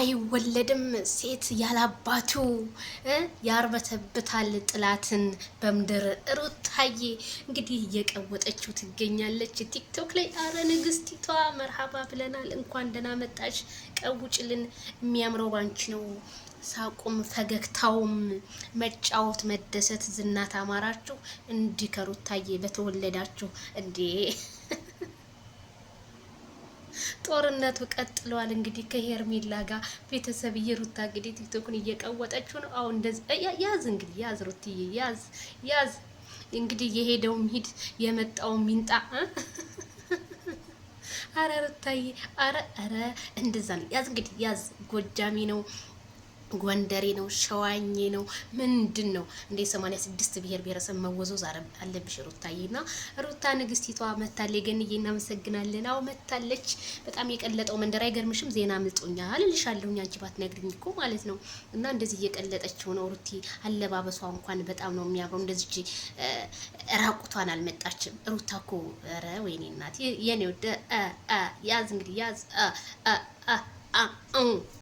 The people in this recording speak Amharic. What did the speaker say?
አይወለድም ሴት ያላባቱ ያርበተብታል ጥላትን በምድር ሩታዬ እንግዲህ እየቀወጠችው ትገኛለች ቲክቶክ ላይ። አረ ንግስቲቷ መርሃባ ብለናል። እንኳን ደህና መጣሽ። ቀውጭልን። የሚያምረው ባንች ነው። ሳቁም ፈገግታውም መጫወት መደሰት ዝናት አማራችሁ እንዲህ ከሩታዬ በተወለዳችሁ እንዴ ጦርነቱ ቀጥለዋል። እንግዲህ ከሄርሜላ ጋር ቤተሰብ እየሩታ እንግዲህ ቲክቶክን እየቀወጠችው ነው። አሁን እንደዚህ ያዝ እንግዲህ ያዝ ሩትዬ ያዝ ያዝ እንግዲህ የሄደው ሂድ የመጣው ሚንጣ አረ ሩታዬ አረ አረ እንደዛ ነው። ያዝ እንግዲህ ያዝ ጎጃሚ ነው ጎንደሬ ነው፣ ሸዋኜ ነው፣ ምንድን ነው እንደ 86 ብሔር ብሔረሰብ መወዘዝ አለብሽ ሩታዬ። እና ሩታ ንግስቲቷ መታለች። ገንዬ እናመሰግናለን። አዎ መታለች። በጣም የቀለጠው መንደር አይገርምሽም? ዜና አምልጦኛል እልሻለሁኝ አንቺ ባትነግሪኝ እኮ ማለት ነው። እና እንደዚህ እየቀለጠችው ነው ሩቲ። አለባበሷ እንኳን በጣም ነው የሚያምረው። እንደዚህ ራቁቷን አልመጣችም ሩታ እኮ። ኧረ ወይኔ እናት የኔ ወደ ያዝ እንግዲህ ያዝ